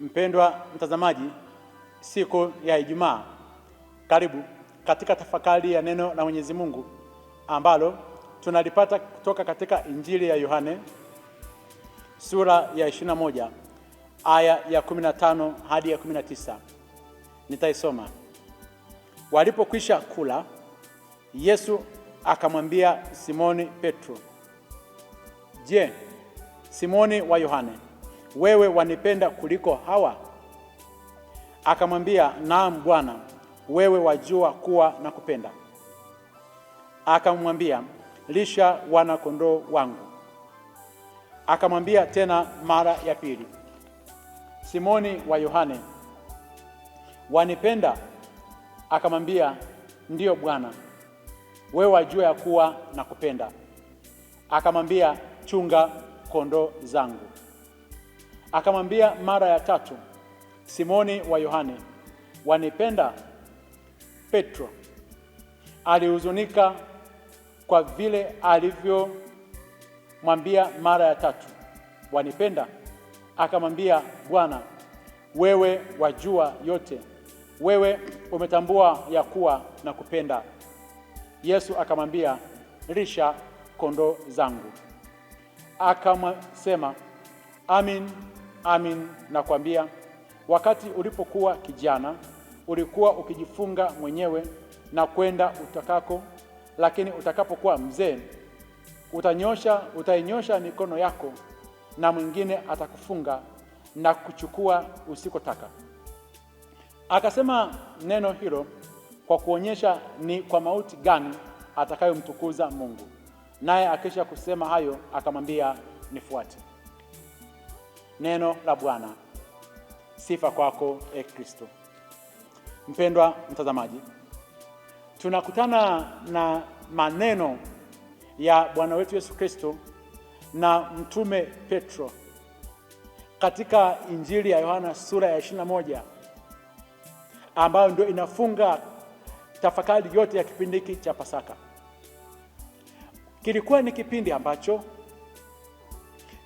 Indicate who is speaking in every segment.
Speaker 1: Mpendwa mtazamaji, siku ya Ijumaa, karibu katika tafakari ya neno la Mwenyezi Mungu ambalo tunalipata kutoka katika Injili ya Yohane sura ya 21 aya ya 15 hadi ya 19. Nitaisoma. Walipokwisha kula, Yesu akamwambia Simoni Petro, Je, Simoni wa Yohane wewe wanipenda kuliko hawa? Akamwambia, naam Bwana, wewe wajua kuwa nakupenda. Akamwambia, lisha wana kondoo wangu. Akamwambia tena mara ya pili, Simoni wa Yohane, wanipenda? Akamwambia, ndiyo Bwana, wewe wajua ya kuwa nakupenda. Akamwambia, chunga kondoo zangu. Akamwambia mara ya tatu, Simoni wa Yohane, wanipenda? Petro alihuzunika kwa vile alivyomwambia mara ya tatu, wanipenda? Akamwambia, Bwana, wewe wajua yote, wewe umetambua ya kuwa na kupenda. Yesu akamwambia, lisha kondoo zangu. Akamsema, amin Amin, nakwambia wakati ulipokuwa kijana ulikuwa ukijifunga mwenyewe na kwenda utakako, lakini utakapokuwa mzee utanyosha, utainyosha mikono yako na mwingine atakufunga na kuchukua usikotaka. Akasema neno hilo kwa kuonyesha ni kwa mauti gani atakayomtukuza Mungu. Naye akisha kusema hayo akamwambia, nifuate neno la Bwana. Sifa kwako e Kristo. Mpendwa mtazamaji, tunakutana na maneno ya Bwana wetu Yesu Kristo na mtume Petro katika Injili ya Yohana sura ya 21 ambayo ndio inafunga tafakari yote ya kipindi hiki cha Pasaka. Kilikuwa ni kipindi ambacho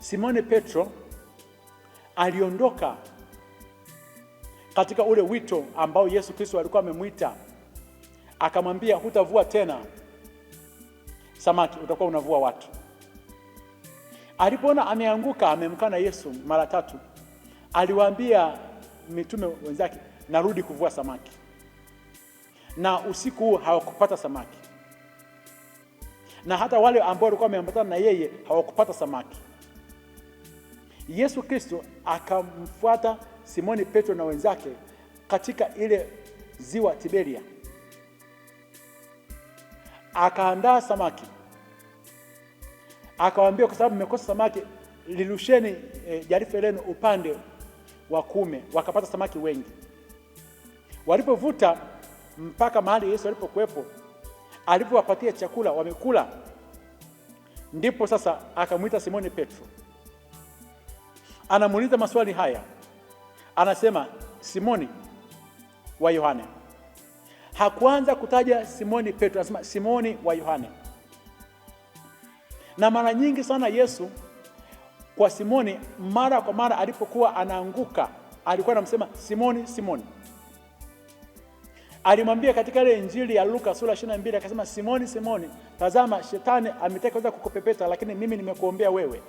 Speaker 1: Simoni Petro aliondoka katika ule wito ambao Yesu Kristo alikuwa amemwita, akamwambia hutavua tena samaki, utakuwa unavua watu. Alipoona ameanguka, amemkana Yesu mara tatu, aliwaambia mitume wenzake, narudi kuvua samaki, na usiku huu hawakupata samaki, na hata wale ambao walikuwa wameambatana na yeye hawakupata samaki. Yesu Kristo akamfuata Simoni Petro na wenzake katika ile ziwa Tiberia, akaandaa samaki, akawaambia kwa sababu mmekosa samaki, lirusheni e, eh, jarife lenu upande wa kume. Wakapata samaki wengi, walipovuta mpaka mahali Yesu alipokuwepo, alipowapatia chakula wamekula. Ndipo sasa akamwita Simoni Petro anamuuliza maswali haya, anasema Simoni wa Yohane. Hakuanza kutaja Simoni Petro, anasema Simoni wa Yohane. Na mara nyingi sana Yesu kwa Simoni, mara kwa mara alipokuwa anaanguka, alikuwa anamsema Simoni, Simoni. Alimwambia katika ile Injili ya Luka sura 22 akasema, Simoni, Simoni, tazama shetani ametaka kuweza kukupepeta, lakini mimi nimekuombea wewe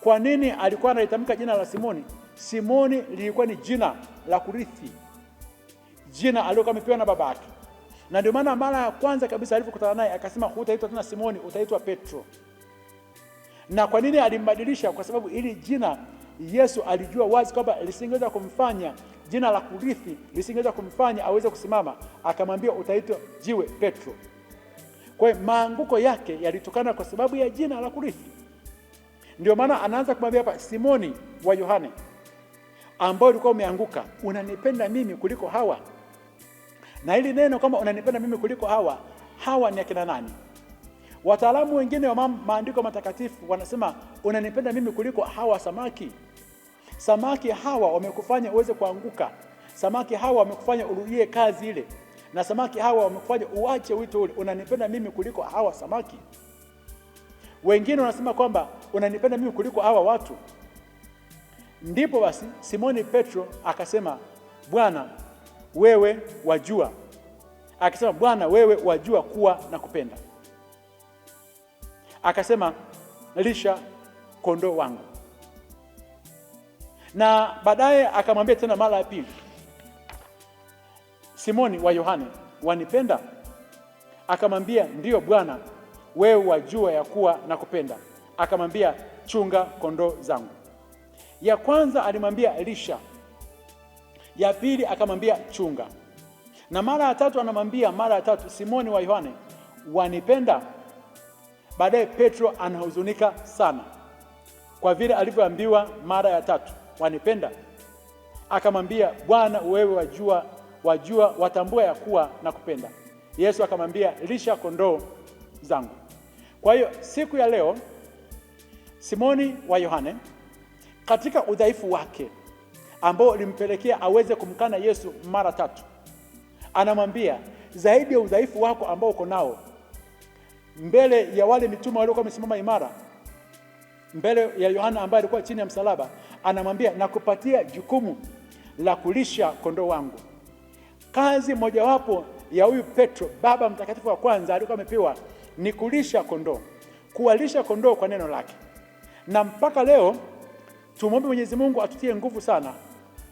Speaker 1: kwa nini alikuwa analitamka jina la Simoni? Simoni lilikuwa ni jina la kurithi, jina aliyokuwa amepewa na baba yake, na ndio maana mara ya kwanza kabisa alipokutana naye akasema, hutaitwa tena Simoni, utaitwa Petro. Na kwa nini alimbadilisha? Kwa sababu ili jina Yesu alijua wazi kwamba lisingeweza kumfanya jina la kurithi lisingeweza kumfanya aweze kusimama, akamwambia utaitwa jiwe Petro. Kwa hiyo maanguko yake yalitokana kwa sababu ya jina la kurithi. Ndio maana anaanza kumwambia hapa, Simoni wa Yohane ambao ulikuwa umeanguka, unanipenda mimi kuliko hawa? Na hili neno kama unanipenda mimi kuliko hawa, hawa ni akina nani? Wataalamu wengine wa maandiko matakatifu wanasema unanipenda mimi kuliko hawa samaki. Samaki hawa wamekufanya uweze kuanguka, samaki hawa wamekufanya urudie kazi ile, na samaki hawa wamekufanya uache wito ule. Unanipenda mimi kuliko hawa samaki. Wengine wanasema kwamba unanipenda mimi kuliko hawa watu. Ndipo basi Simoni Petro akasema, Bwana wewe wajua, akasema Bwana wewe wajua kuwa na kupenda. Akasema lisha kondoo wangu, na baadaye akamwambia tena mara ya pili, Simoni wa Yohane wanipenda? Akamwambia ndiyo Bwana wewe wajua ya kuwa nakupenda. Akamwambia, chunga kondoo zangu. Ya kwanza alimwambia lisha, ya pili akamwambia chunga, na mara ya tatu anamwambia mara ya tatu, Simoni wa Yohane, wanipenda? Baadaye Petro anahuzunika sana kwa vile alivyoambiwa mara ya tatu, wanipenda? Akamwambia, Bwana, wewe wajua, wajua watambua ya kuwa nakupenda. Yesu akamwambia, lisha kondoo zangu. Kwa hiyo siku ya leo Simoni wa Yohane katika udhaifu wake ambao ulimpelekea aweze kumkana Yesu mara tatu, anamwambia zaidi ya udhaifu wako ambao uko nao mbele ya wale mitume waliokuwa wamesimama imara mbele ya Yohana ambaye alikuwa chini ya msalaba, anamwambia nakupatia jukumu la kulisha kondoo wangu. Kazi mojawapo ya huyu Petro, baba mtakatifu wa kwanza, alikuwa amepewa ni kulisha kondoo, kuwalisha kondoo kwa neno lake. Na mpaka leo tumwombe Mwenyezi Mungu atutie nguvu sana.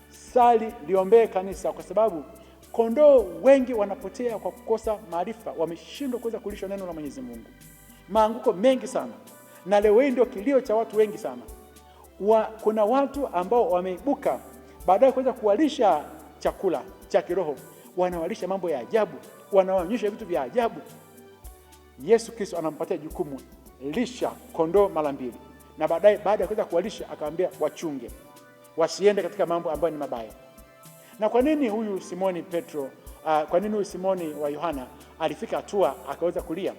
Speaker 1: Sali, liombee kanisa, kwa sababu kondoo wengi wanapotea kwa kukosa maarifa, wameshindwa kuweza kulisha neno la Mwenyezi Mungu. Maanguko mengi sana, na leo hii ndio kilio cha watu wengi sana wa, kuna watu ambao wameibuka baadaye kuweza kuwalisha chakula cha kiroho, wanawalisha mambo ya ajabu, wanawaonyesha vitu vya ajabu. Yesu Kristo anampatia jukumu, lisha kondoo mara mbili, na baadaye baada ya kuweza kuwalisha akawaambia wachunge wasiende katika mambo ambayo ni mabaya. Na kwa nini huyu Simoni Petro uh, kwa nini huyu Simoni wa Yohana alifika hatua akaweza kulia?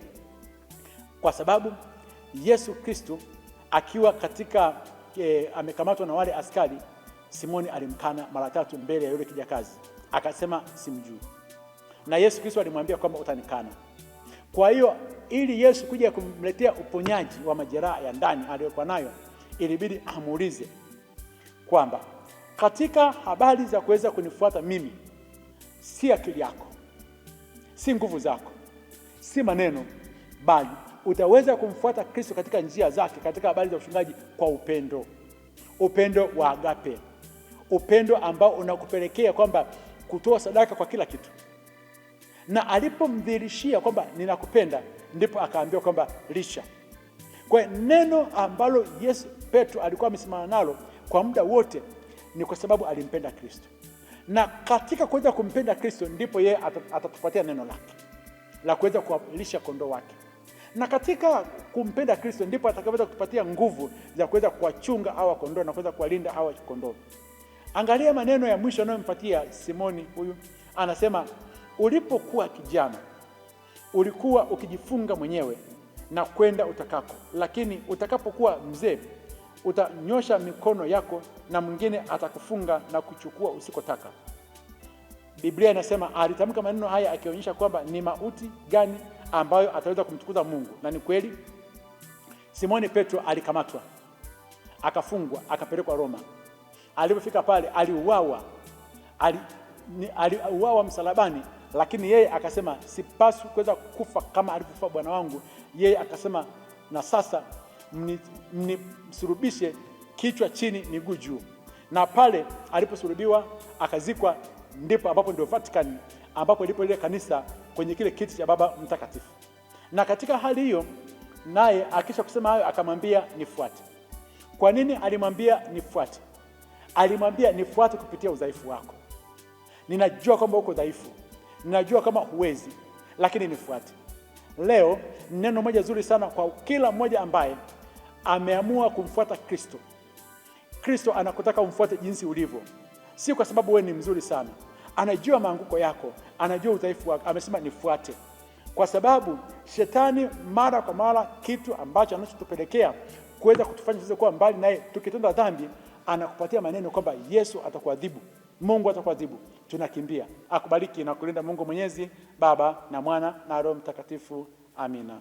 Speaker 1: Kwa sababu Yesu Kristo akiwa katika e, amekamatwa na wale askari, Simoni alimkana mara tatu mbele ya yule kijakazi, akasema simjui, na Yesu Kristo alimwambia kwamba utanikana kwa hiyo ili Yesu kuja kumletea uponyaji wa majeraha ya ndani aliyokuwa nayo, ilibidi amuulize kwamba katika habari za kuweza kunifuata mimi, si akili yako, si nguvu zako, si maneno, bali utaweza kumfuata Kristo katika njia zake, katika habari za uchungaji kwa upendo, upendo wa agape, upendo ambao unakupelekea kwamba kutoa sadaka kwa kila kitu, na alipomdhirishia kwamba ninakupenda, ndipo akaambiwa kwamba lisha Kwa neno ambalo Yesu Petro alikuwa amesimama nalo kwa muda wote ni kwa sababu alimpenda Kristo, na katika kuweza kumpenda Kristo ndipo yeye atatupatia neno lake la kuweza kuwalisha kondoo wake, na katika kumpenda Kristo ndipo atakaweza kutupatia nguvu za kuweza kuwachunga hawa kondoo na kuweza kuwalinda hawa kondoo. Angalia maneno ya mwisho anayompatia Simoni huyu, anasema Ulipokuwa kijana ulikuwa ukijifunga mwenyewe na kwenda utakako, lakini utakapokuwa mzee utanyosha mikono yako na mwingine atakufunga na kuchukua usikotaka. Biblia inasema alitamka maneno haya akionyesha kwamba ni mauti gani ambayo ataweza kumtukuza Mungu. Na ni kweli, Simoni Petro alikamatwa, akafungwa, akapelekwa Roma. Alipofika pale aliuawa, aliuawa msalabani lakini yeye akasema sipaswi kuweza kufa kama alivyofa bwana wangu. Yeye akasema na sasa mnisurubishe, mni kichwa chini, miguu juu. Na pale aliposurubiwa akazikwa, ndipo ambapo ndio Vatican, ambapo ilipo ile kanisa kwenye kile kiti cha Baba Mtakatifu. Na katika hali hiyo, naye akisha kusema hayo akamwambia nifuate. Kwa nini alimwambia nifuate? Alimwambia nifuate kupitia udhaifu wako, ninajua kwamba uko dhaifu Najua kama huwezi, lakini nifuate. Leo neno moja zuri sana kwa kila mmoja ambaye ameamua kumfuata Kristo. Kristo anakutaka umfuate jinsi ulivyo, si kwa sababu wewe ni mzuri sana. Anajua maanguko yako, anajua udhaifu wako, amesema nifuate, kwa sababu shetani mara kwa mara, kitu ambacho anachotupelekea kuweza kutufanya sisi kuwa mbali naye, tukitenda dhambi, anakupatia maneno kwamba Yesu atakuadhibu. Mungu atakuadhibu. Tunakimbia. Akubariki na kulinda Mungu Mwenyezi, Baba na Mwana na Roho Mtakatifu. Amina.